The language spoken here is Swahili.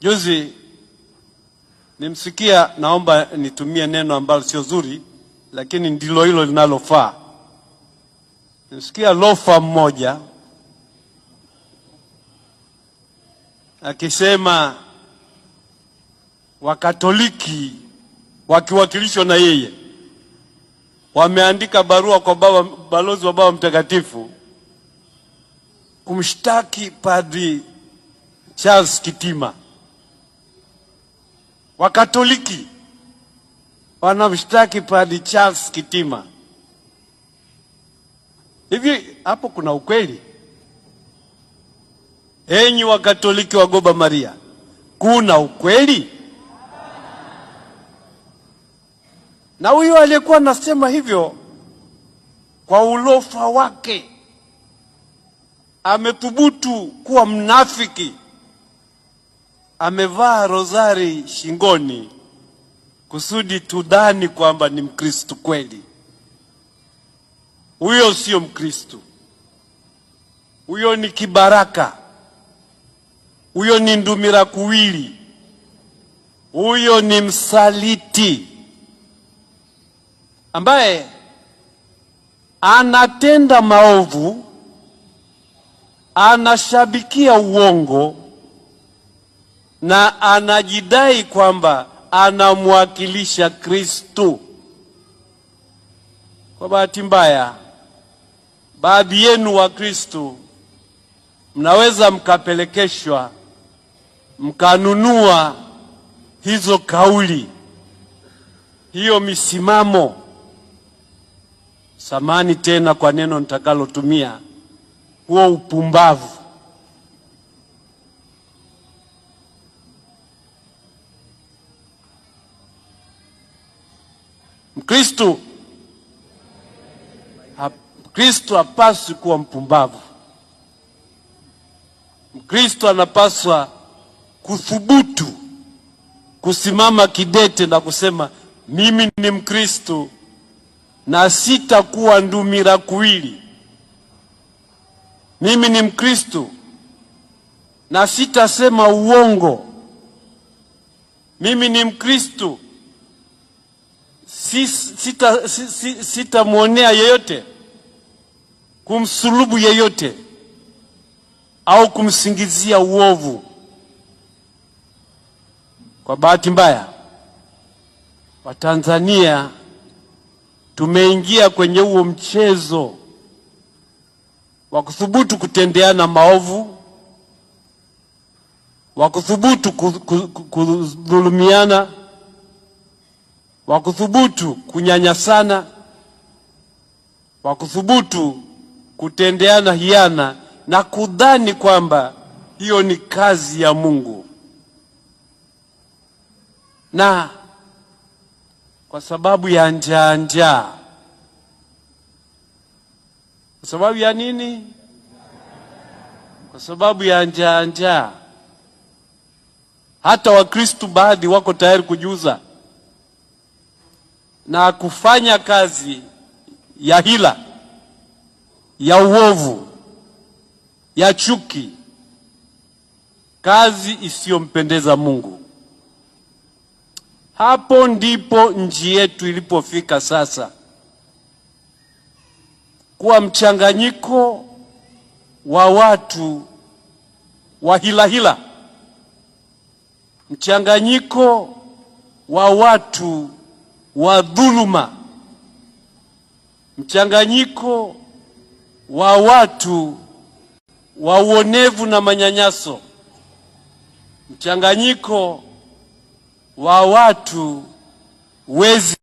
Juzi nimsikia, naomba nitumie neno ambalo sio zuri, lakini ndilo hilo linalofaa. Nimsikia lofa mmoja akisema Wakatoliki wakiwakilishwa na yeye wameandika barua kwa baba balozi wa Baba Mtakatifu kumshtaki Padri Charles Kitima Wakatoliki wanamshtaki Padri Charles Kitima. Hivi hapo kuna ukweli? Enyi Wakatoliki wa Goba Maria, kuna ukweli? Na huyo aliyekuwa anasema hivyo kwa ulofa wake amethubutu kuwa mnafiki amevaa rozari shingoni kusudi tudhani kwamba ni Mkristo kweli. Huyo sio Mkristo, huyo ni kibaraka, huyo ni ndumira kuwili, huyo ni msaliti ambaye anatenda maovu, anashabikia uongo na anajidai kwamba anamwakilisha Kristu. Kwa bahati mbaya, baadhi yenu wa Kristu mnaweza mkapelekeshwa mkanunua hizo kauli, hiyo misimamo. Samani tena kwa neno nitakalotumia, huo upumbavu Mkristo Mkristo hapaswi kuwa mpumbavu. Mkristo anapaswa kuthubutu kusimama kidete na kusema mimi ni Mkristo na sitakuwa ndumira kuwili. Mimi ni Mkristo na sitasema uongo. Mimi ni Mkristo sitamwonea sita, sita yeyote kumsulubu yeyote au kumsingizia uovu. Kwa bahati mbaya, Watanzania tumeingia kwenye huo mchezo wa kuthubutu kutendeana maovu, wa kuthubutu kudhulumiana wa kuthubutu kunyanyasana, wa kuthubutu kutendeana hiana na kudhani kwamba hiyo ni kazi ya Mungu. Na kwa sababu ya njaa njaa, kwa sababu ya nini? Kwa sababu ya njaa njaa, hata Wakristo baadhi wako tayari kujiuza na kufanya kazi ya hila, ya uovu, ya chuki, kazi isiyompendeza Mungu. Hapo ndipo nchi yetu ilipofika sasa, kuwa mchanganyiko wa watu wa hilahila, mchanganyiko wa watu wa dhuluma, mchanganyiko wa watu wa uonevu na manyanyaso, mchanganyiko wa watu wezi.